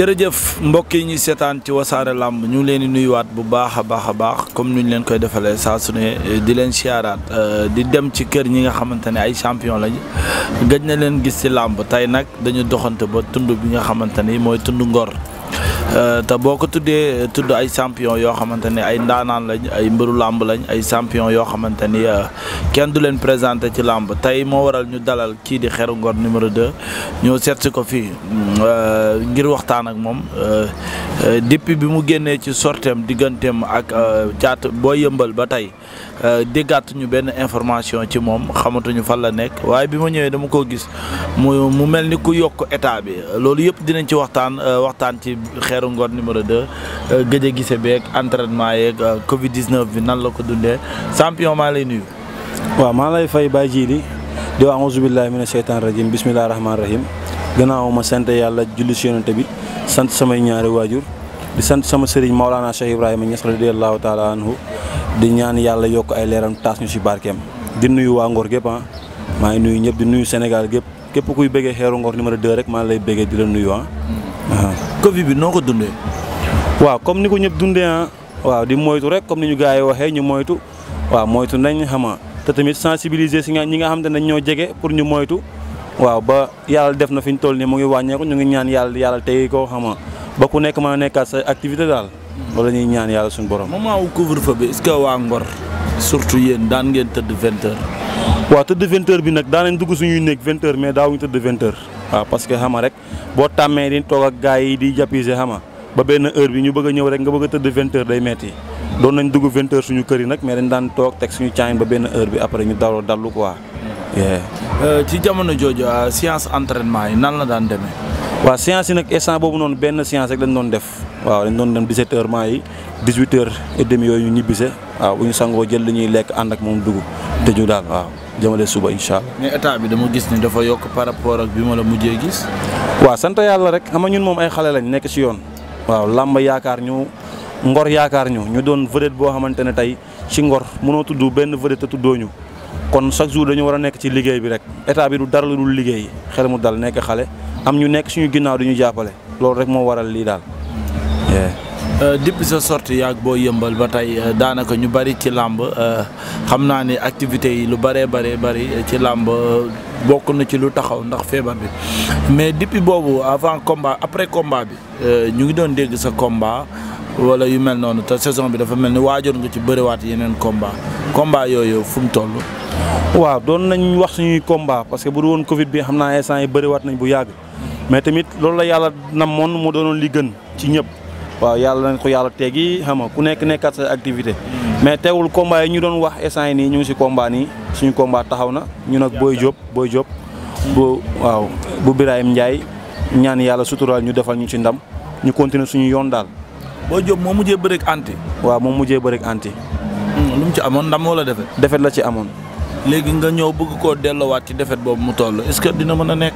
jërëjëf mbokk yi ñu seetaan ci wasaare làmb ñu ngi leen di nuyuwaat bu baax a baax a baax comme ni ñu leen koy defalee saa su ne eh, di leen siyaaraat eh, di dem ci kër ñi nga xamante ne ay champion lañ gëj na leen gis ci làmb tey nag dañu doxante ba tund bi nga xamante ni mooy tund Ngor. Euh, te boo ko tuddee tudd ay champion yoo xamante ni ay ndaanaan lañ ay mbëru làmb lañ ay champion yoo xamante ni euh, kenn du leen présenté ci làmb tey moo waral ñu dalal kii di Xeru Ngor numéro 2 ñoo seet si ko fii euh, ngir waxtaan ak moom depuis bi mu génnee ci sorteem digganteem ak jaat boo yëmbal ba tey Euh, déggatuñu benn information ci moom xamatuñu fan la nekk waaye bi ma ñëwee dama ko gis mu mu mel ni ku yokk état bi loolu yëpp dinañ ci waxtaan euh, waxtaan ci xeeru ngor numéro 2 euh, gëj a gise beeg entraînement yeeg Covid 19 bi nan la ko dundee champion maa lay nuyu. waaw maa lay fay baa Djili di wax auzu billaahi mina sheytaani rajiim bismillaahi rahmaani rahiim gannaaw ma sant yàlla julli si yonent bi sant samay ñaari waajur di sant sama sëriñ Maolana Cheikh Ibrahima Niass radiyallaahu taala di ñaan yàlla yokk ay leeram taas ñu si barkeem di nuyu waa Ngor gépp ah maa ngi nuyu ñëpp di nuyu Sénégal gépp képp kuy bëggee xeeru Ngor numéro 2 rek maa lay bëggee di la nuyu ah. Covid bi noo ko dundee. waaw comme ni ko ñëpp dundee ah waaw di moytu rek comme ni ñu gaa yi waxee ñu moytu waaw moytu nañ xama te tamit sensibiliser si nga ñi nga xam te nañ ñoo jege pour ñu moytu waaw ba yàlla def na fi ñu toll nii mu ngi wàññeeku ñu ngi ñaan yàlla yàlla tey koo xama nekk mën a nekkaat activité daal. wala ñuy ñaan yàlla suñ borom. moment wu couvre-feu bi est-ce waa Ngor surtout yéen daan ngeen tëdd vingt heures. waaw tëdd vingt bi nag daan nañ dugg suñuy néeg vingt heures mais daawuñu tëdd parce que xama rek boo tàmmee di toog ak gars yi di jàppise xama ba benn heure bi ñu bëgg ñëw rek nga bëgg a tëdd vingt heures day metti doon nañ dugg vingt heures suñu kër yi nag mais dañ daan toog teg suñu caayin ba benn heure bi après ñu daloo dallu quoi. Euh, ci jamono jooju euh, séance entrainement yi nan la daan demee. waaw séance yi nag instant boobu noonu benn séance rek lañ doon def waaw dañ doon dem 17 heures maa yi 18 heures et demi yooyu ñu ñibbise waaw bu ñu sangoo jël li lekk ànd ak moom dugub te ju daal waaw jëmale suba incha allah. mais état bi dama gis ni dafa yokk par rapport ak bi ma la mujjee gis. waaw sant yàlla rek xam nga ñun moom ay xale lañ nekk ci yoon. waaw làmb yaakaar ñu ngor yaakaar ñu ñu doon vedette boo xamante ne tey ci ngor mënoo benn vedette te tuddoo ñu kon chaque jour dañu war a nekk ci liggéey bi rek état bi du dara lu dul liggéey xel mu dal nekk xale am ñu nekk suñu ginnaaw du ñu jàppale loolu rek moo waral lii daal. Euh, depuis sa sortie yaag boo yëmbal ba tey euh, daanaka ñu bari ci làmb euh, xam naa ni activités yi lu bëree bëree bëri ci làmb bokk na ci lu taxaw ndax feebar bi mais depuis boobu avant combat après combat bi ñu ngi doon dégg sa komba wala yu mel noonu te saison bi dafa mel ni waajoon nga ci bëriwaat yeneen combat combat yooyu fu mu toll. waaw doon nañ wax suñuy combat parce que bu du woon Covid bi xam naa instant yi bëriwaat nañ bu yàgg mais tamit loolu la yàlla namoon mo doonoon li gën ci ñëpp. waaw yàlla nañ ko yàlla teggi xam nga ku nekk nekkat sa activité mais teewul combat yi ñu doon wax instant nii ñu ngi si combat nii suñu combat taxaw na ñu nag booy Diop booy Diop bu waaw bu Birahim Ndiaye ñaan yàlla suturaal ñu defal ñu ci ndam ñu continuer suñu yoon daal Boy Diop moo mujjee bëreeg anti waaw moom mujjee bëreeg anti hmm, lu ci amoon ndam wala defet defet la ci amoon léegi nga ñëw bëgg koo delloowaat ci defet boobu mu toll est-ce que dina mën a nekk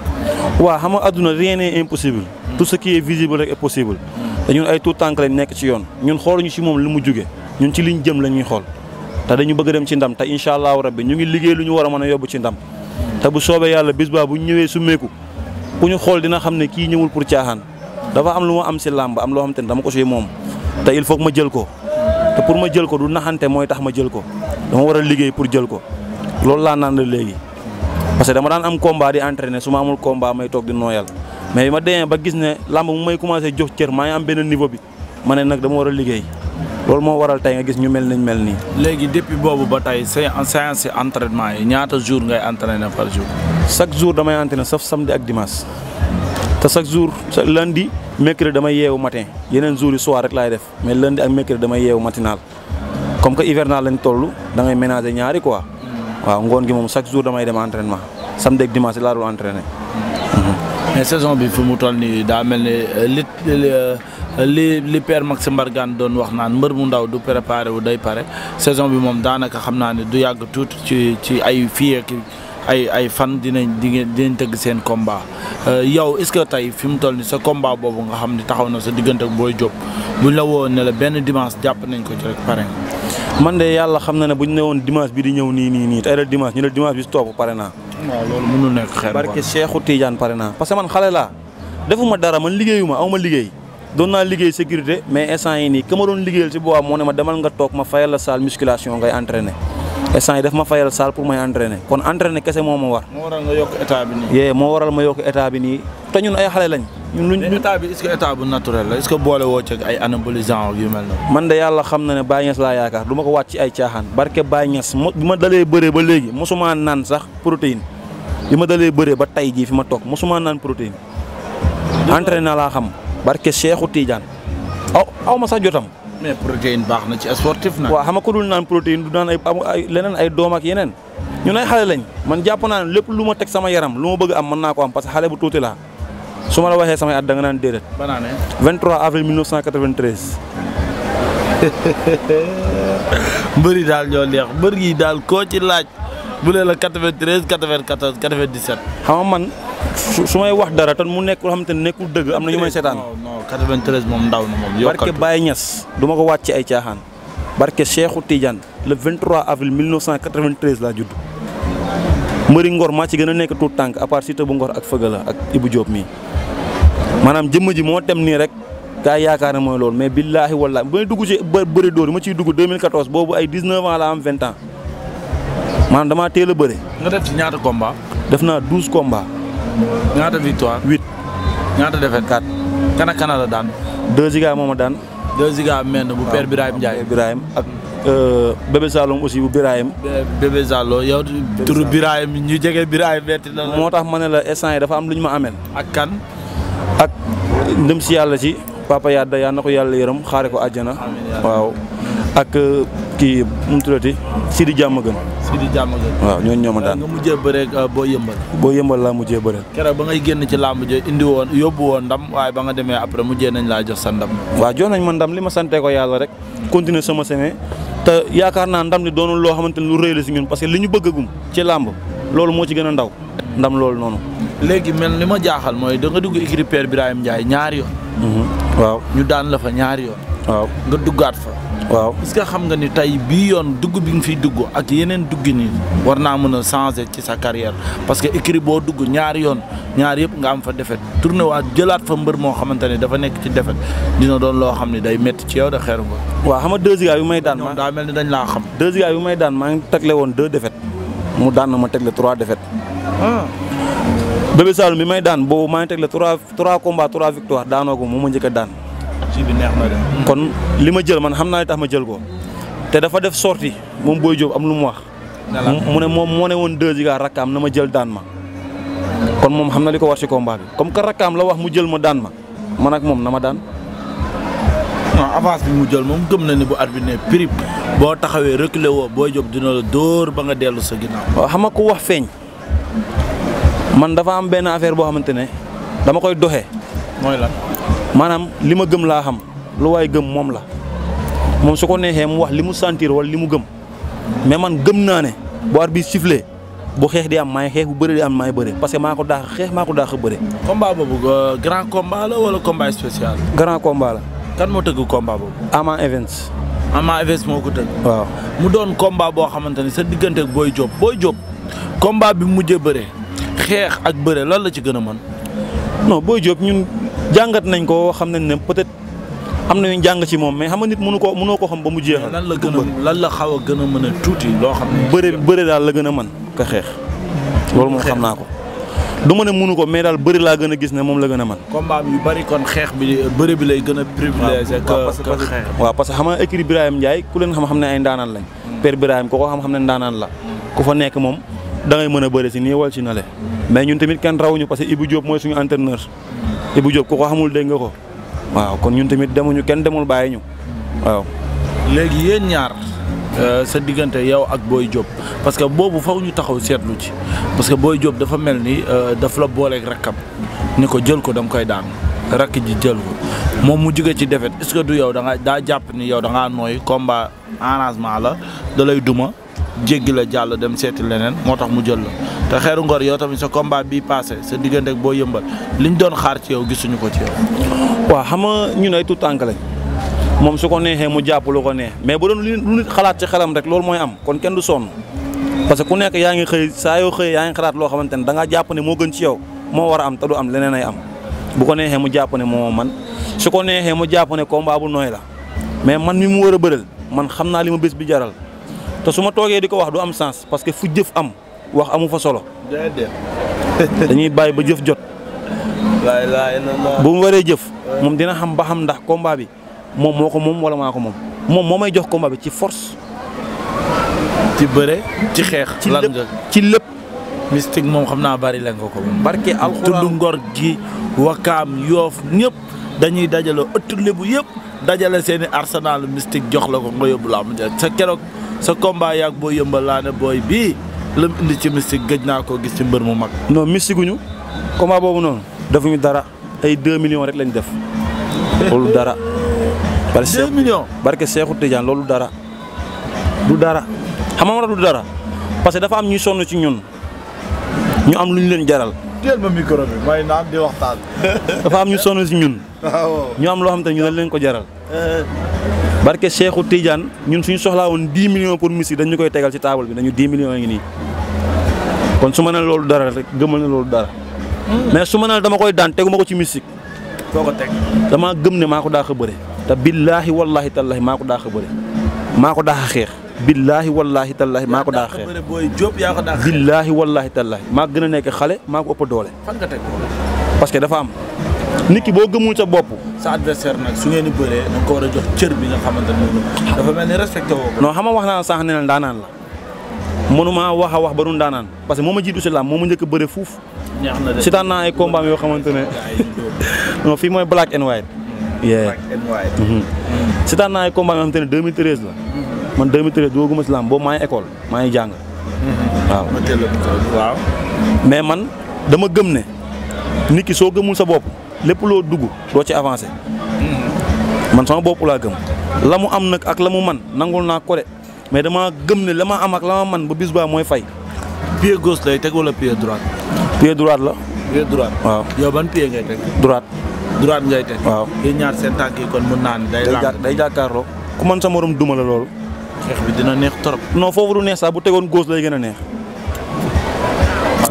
waaw xam nga àdduna rien n'est impossible tout ce qui possible hmm. te ñun ay tout tànk lañ nekk ci yoon ñun xooluñu ci moom lu mu jóge ñun ci liñ jëm la ñuy xool te dañu bëgg dem ci ndam te incha allahu rabbi ñu ngi liggéey lu ñu war a mën a yóbbu ci ndam te bu soobee yàlla bis baa bu ñëwee summeeku ku ñu xool dina xam ne kii ñëwul pour caaxaan dafa am lu ma am si làmb am loo xam te ne dama ko si moom te il faut ma jël ko te pour ma jël ko du naxante mooy tax ma jël ko dama war a liggéey pour jël ko loolu laa naan la léegi que dama daan am combat di entraîner su amul combat may toog di nooyal mais ma demee ba gis ne làmb mu may commencé jox cër maa am benn niveau bi ma ne nag dama war a liggéey loolu moo waral tey nga gis ñu mel ni nañ mel nii. léegi depuis boobu ba tey say séance entraînement yi ñaata jour ngay entraîné par jour. chaque jour damay entraîné sauf samedi ak dimanche te chaque jour lundi mercredi damay yeewu matin yeneen jours yi laay def mais lundi ak mercredi damay yeewu matinal comme que hivernal lañ toll da ngay ménager ñaari quoi hmm. waaw ngoon gi moom chaque jour damay dem entraînement samedi ak dimanche laa dul entraîné. mais saison bi fi mu toll nii daa mel ni euh, li euh, li li père Max Mbargane doon wax naan mbër mu ndaw du préparé wu day pare saison bi moom daanaka xam naa ne du yàgg tuuti ci ci ay fii ak ay ay fan dinañ dinañ tëgg seen combat euh, yow est-ce que tey fi mu toll nii sa combat boobu nga xam ni taxaw na sa diggante ak Boy Diop buñ la woo ne la benn dimanche jàpp nañ ko ci rek pare man de yàlla xam na ne bi di ñëw nii nii nii tey la dimanche ñu ne dimanche pare naa. non loolu mënul nekk xeer barke Cheikhou Tidiane pare naa parce que man xale laa defuma dara man liggéeyuma aw ma liggéey doon naa liggéey sécurité mais instant yi nii ka ma doon liggéeyal ci boobaa moo ne ma demal nga toog ma fayal la salle musculation ngay entraîné instant yi daf ma fayal salle pour may entraîné kon entraîné kese moo ma war. moo waral nga yokk état yee moo waral ma yokk état bi nii te ñun ay xale lañ. ñun luñ état bi est-ce que état bu naturel la est boole woo ci ay anabolisant man de yàlla xam na ne Baye Niass laa yaakaar ma ko wàcc ci ay caaxaan barke Baye Niass mo bi ma dalee bëree ba léegi mosuma naan bi ma dalee bëree ba tay jii fi ma toog mosuma naan protéine entraîné laa xam barke Cheikhou Tidiane aw aw sax jotam. mais protéine baax na ci na. waaw xam nga ku dul naan protéine du naan ay ay leneen ay doom yeneen ñun ay xale lañ man jàpp naa lépp lu ma teg sama yaram lu ma bëgg am mën naa ko am parce que xale bu tuuti laa su ma la waxee samay at da nga naan déedéet. ba naa ne 23 avril 1993. mbëri daal ñoo neex mbër daal koo ci laaj. bu lee la 93 94 97. xam nga man su may wax dara te mu nekk xam xamante ne nekkul dëgg am na ñu may seetaan. non non 93 moom ndaw na moom. yokkatu barke Baye Niass du ma ko wàcc ay caaxaan. barke Cheikhou Tidiane le 23 avril 1993 laa judd. ngor maa ci gën a nekk tuut tànk à part Siteu bu ngor ak Fëgala ak Ibou Diop mii maanaam jëmm ji moo dem nii rek gaa yaakaar ne mooy loolu mais billaahi wallaahi bu may dugg ci bë bëri maanaam damaa teel a bëre. nga def ci ñaata combat. def naa douze combat. ñaata victoire. huit ñaata défaite. quatre kan ak kan la daan. deux Ziga moom a daan. deux Ziga meen bu père Birahim Ndiaye. Birahim ak euh, Bébé Saloum aussi bu Birahim. Bébé Saloum yow. turu Birahim ñu jege Birahim moo tax ma ne la instant dafa am lu ñu ma amel. ak kan. ak si yàlla si papa Yadda yàlla na ko yàlla yërëm xaare ko àjjana. waaw ak euh, kii mu tuddati Sidi Diamaguène. fii di jàmm gën waaw ñooñu ñoo ma daan nga mujjee bëreeg uh, boo yëmbal boo yëmbal laa mujjee bëre keroog ba ngay génn ci làmb ji indi woon yóbbu woon ndam waaye ba nga demee après mujjee nañ laa jox sa ndam waaw jox nañ ma ndam li ma sante ko yàlla rek continuer sama semé te yaakaar naa ndam li doonu loo xamante ne lu rëy la si ñun parce que li ñu bëggagum ci làmb loolu moo ci gën a ndaw ndam loolu noonu léegi mel li ma jaaxal mooy da nga dugg écurie Père Birahim Ndiaye ñaari yoon mhm, waaw ñu daan la fa ñaari yoon waaw nga duggaat fa waaw parce que xam nga ni tey bii yoon dugg bi nga fiy dugg ak yeneen dugg nii war naa mën a changer ci sa carrière parce que écrit boo dugg ñaari yoon ñaar yëpp nga am fa defet tourné waat jëlaat fa mbër moo xamante ne dafa nekk ci defet dina doon loo xam ne day métti ci yow da xeeru nga. waaw xam nga deux gars bi may daan ma daa mel ni dañ laa xam. deux gars may daan maa ngi tegle woon deux defet mu daan na ma tegle trois defet. Ah. Bébé Saloum bi may daan boobu maa ngi tegle trois trois combats trois victoires daanoo ko moom njëkk a daan. ji bi neex na de. kon li ma jël man xam naa ne tax ma jël ko te dafa def sorti moom Boy Diop am lu mu wax. mu ne moom moo ne woon deux Giga rakkaam na ma jël daan ma. kon moom xam na li ko war ci combat bi comme que am la wax mu jël ma daan ma man ak moom na ma daan. non avance bi mu jël moom gëm na ni bu arbitre ne prix boo taxawee reculer woo Boy Diop dina la dóor ba nga dellu sa ginnaaw. waaw xam nga ku wax feeñ man dafa am benn affaire boo xamante ne dama koy doxe mooy lan. maanaam li ma gëm laa xam lu waay gëm moom la moom su ko neexee mu wax li mu santir wala li mu gëm mais man gëm naa ne bu arbitre bi sifflé bu xeex di am maay xeex bu bëri di am maay bëri parce que maa ko daax xeex maa ko daax a bëri. combat boobu euh, grand combat la wala combat spécial. grand combat la. kan moo tëgg combat boobu. Ama Events. Ama Events moo ko tëgg. waaw mu doon combat boo xamante ni sa diggante ak Boy Diop Boy Diop combat bi mujjee bëre xeex ak bëre lan la ci gën a mën. non Boy Diop ñun jàngat nañ ko xam nañ ne peut-être am na ñu jàng ci moom mais xam nga nit mënu ko mënoo ko xam ba mu jeexal. lan la gën a lan la xaw gën a mën a tuuti loo xam ne. bëre daal la gën a mën ka xeex. loolu moom xam naa ko. du ma ne mënu ko mais daal bari laa gën a gis ne moom la gën a mën. combat yu bari kon xeex bi bëri bi lay gën a privilégié. waaw parce que waaw parce que xam nga écrit Birahim Ndiaye ku leen xam-xam ne ay ndaanaan lañ. Hmm. père Birahim ko ko xam-xam ne ndaanaan la ku fa nekk moom da ngay mën a bëre si nii wal si nale mais ñun tamit kenn rawuñu parce que Ibou Diop mooy suñu entraîneur Ibou Diop ko ko xamul dégg nga ko waaw kon ñun tamit demuñu kenn demul bàyyi ñu waaw. léegi yéen ñaar euh, sa diggante yow ak booy Diop parce que boobu faw ñu taxaw seetlu ci parce que Boy Diop dafa mel ni euh, daf la booleeg rakkam ni ko jël ko dam koy daan rakk ji jël ko moom mu jóge ci défaite est-ce du yow danga nga daa jàpp ni yow da ngaa nooy combat arrangement la dalay lay jéggi la jàll dem seeti leneen moo tax mu jël la te xeeru ngor yow tamit sa combat bi passé sa diggante ak boo yëmbal liñ doon xaar ci yow gisuñu ko ci yow. waaw xam nga ñun ay tu tànk lañ moom su ko neexee mu jàpp ko neex mais bu doon lu xalaat ci xelam rek loolu mooy am kon kenn du sonn parce que ku nekk yaa ngi xëy saa yoo xëy yaa loo xamante ne da ngaa jàpp ne moo gën ci yow moo war a am am leneen ay am bu ko neexee mu jàpp ne moom man su ko neexee mu jàpp ne combat bu nooy la mais man mi mu war a bëral man xam naa li ma bés bi jaral te su ma toogee di ko wax du am sens parce que fu jëf am wax amu fa solo. dañuy bàyyi ba jëf jot. bu mu waree jëf. moom dina xam ba xam ndax combat bi moom moo ko moom wala maa ko moom moom moo may jox combat bi ci force. ci bëre ci xeex. lan nga ci lépp mystique moom xam naa bari leen ko ko moom. barke alxuraan tudd ngor gi wakaam yoof ñëpp dañuy dajale ëtt lébu yëpp dajale seen i arsenal mystique jox la ko nga yóbbu la xam am sa keroog. sa combat yaag boo yëmbal laa booy bii lam indi ci mystique gëj naa koo gis ci mbër mu mag. non mystique gu ñu combat boobu noonu defuñu dara ay 2 millions rek lañ def loolu dara. 2 millions barke Seexu Tijaan loolu dara du dara xam nga du dara parce que dafa am ñuy sonn ci ñun ñu am lu ñu leen jaral. teel ma micro bi may naan waxtaan. dafa am ñu sonn ci ñun. ñu am loo xam te ñu leen ko jaral. Eh. barke Cheikhou Tidiane ñun suñu soxlaa woon 10 million pour musique dañu koy tegal ci table bi dañu 10 millions ngi nii kon su ma loolu dara rek gëmal na loolu dara mais su ma ne dama koy daan tegu ma ko ci musique foo ko teg damaa gëm ne maa ko daax a bëre te billaahi wallaahi tallaahi maa ko daax a bëre maa ko daax a xeex billaahi wallaahi tallaahi maa ko daax a xeex billaahi wallaahi tallaahi maa gën a nekk xale maa ko ëpp doole parce que dafa am nit ki boo gëmul sa bopp. sa adversaire nag su ngeen di bëree da nga bi nga xamante woo ko. xam nga wax naa sànq ne la ndaanaan la mënuma wax a wax ba du ndaanaan parce que moo ma jiitu si laam moo ma njëkk a fuuf. ñaax naa ay combat yoo xamante ne fii mooy black and white. black mhm. mm. naa ay combat yoo xamante ne 2013 la. Mm-hmm. man 2013 dugguma si laam boobu maa ngi école maa ngi jàng. Mm-hmm. waaw mais man dama gëm ne nit soo gëmul sa bopp. lépp loo dugg doo ci avancer man sama bopp laa gëm la mu am nag ak la mu man nangul naa ko de mais dama gëm ne la ma am ak la ma man ba bis baa mooy fay. pie goos lay teg wala pied droite. pied droite la. pied waaw. yow ban pied ngay teg. droite. droite ngay teg. waaw yéen ñaar seen tànk yi kon mun naa ne day. làng day ku man sa morom duma la loolu. xeex bi dina neex trop. no foofu du neex sax bu tegoon gauche lay gën a neex.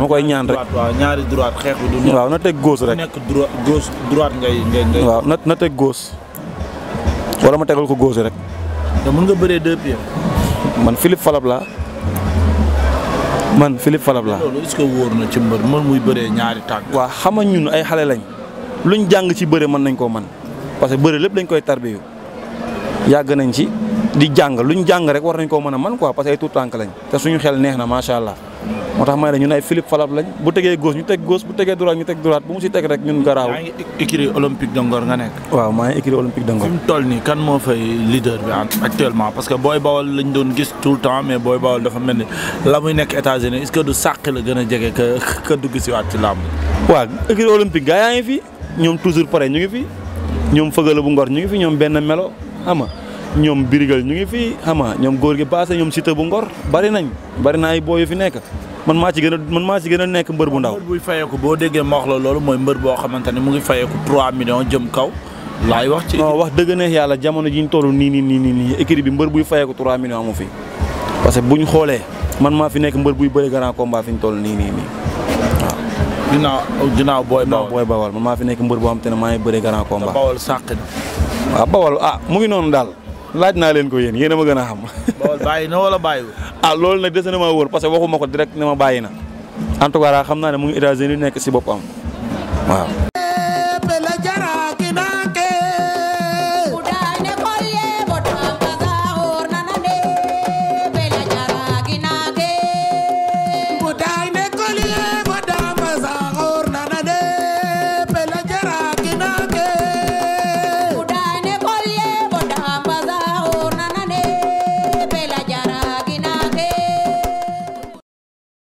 ma koy ñaan rek waaw ñaari droite xeex waaw na teg gauche rek nekk gauche droite ngay ngay waaw na na teg ma tegal ko gauche rek. te mën nga bëree deux man Philippe Falab laa man Philippe Falab laa. loolu est wóor na ci mbër man muy bëree ñaari tànk. waaw xam nga ñun ay xale lañ luñ jàng ci bëre mën nañ koo man parce que bëre lépp dañ koy tarbiyu yàgg nañ ci di jàng luñ jàng rek war nañ koo mën a man quoi parce que ay tuut tànk lañ te suñu xel neex na macha allah. moo tax may la ñun ay Philippe Falab lañ bu tegee gauche ñu teg gauche bu tegee droite ñu teg droite bu mu si teg rek ñun garaaw. maa ngi écurie olympique de Ngor nga nekk. waaw maa ngi écurie olympique parce que Boy Bawol lañ doon gis le temps mais Boy Bawol dafa mel ni la muy nekk États-Unis est que du sàq la gën a jege ka ka dugg si waat ci làmb. waaw écurie olympique gaa yaa ngi fi ñoom toujours pare ñu ngi fi ñoom fëgala bu Ngor ñu ngi fi ñoom benn melo ama ñoom birigal ñu ngi fi xama ñoom góor gi passé ñoom cité bu ngor bari nañ bari na ay fi nekk man maa ci gën a man maa ci gën a nekk mbër bu ndaw. mbër buy fayeeku boo déggee ma wax la mooy mbër boo xamante ne mu ngi fayeeku 3 millions jëm kaw. laay wax ci non wax dëgg neex yàlla jamono ji ñu toll nii nii nii nii nii écrit bi mbër buy fayeeku 3 millions amu fi. parce que bu ñu xoolee man maa fi nekk mbër buy bëri grand combat fi ñu toll nii nii nii waaw. ginnaaw ginnaaw booy. bawal booy bawal man maa fi nekk mbër boo xam te ne maa ngi bëri grand combat. bawal sàq waaw ah, laaj naa leen ko yéen yéen a ma gën a xam. Bawol bàyyi na wala bàyyiwul. ah loolu nag des na ma wóor parce que waxuma ko direct ne ma bàyyi na en tout cas xam naa ne mu ngi États-Unis nekk si boppam waaw.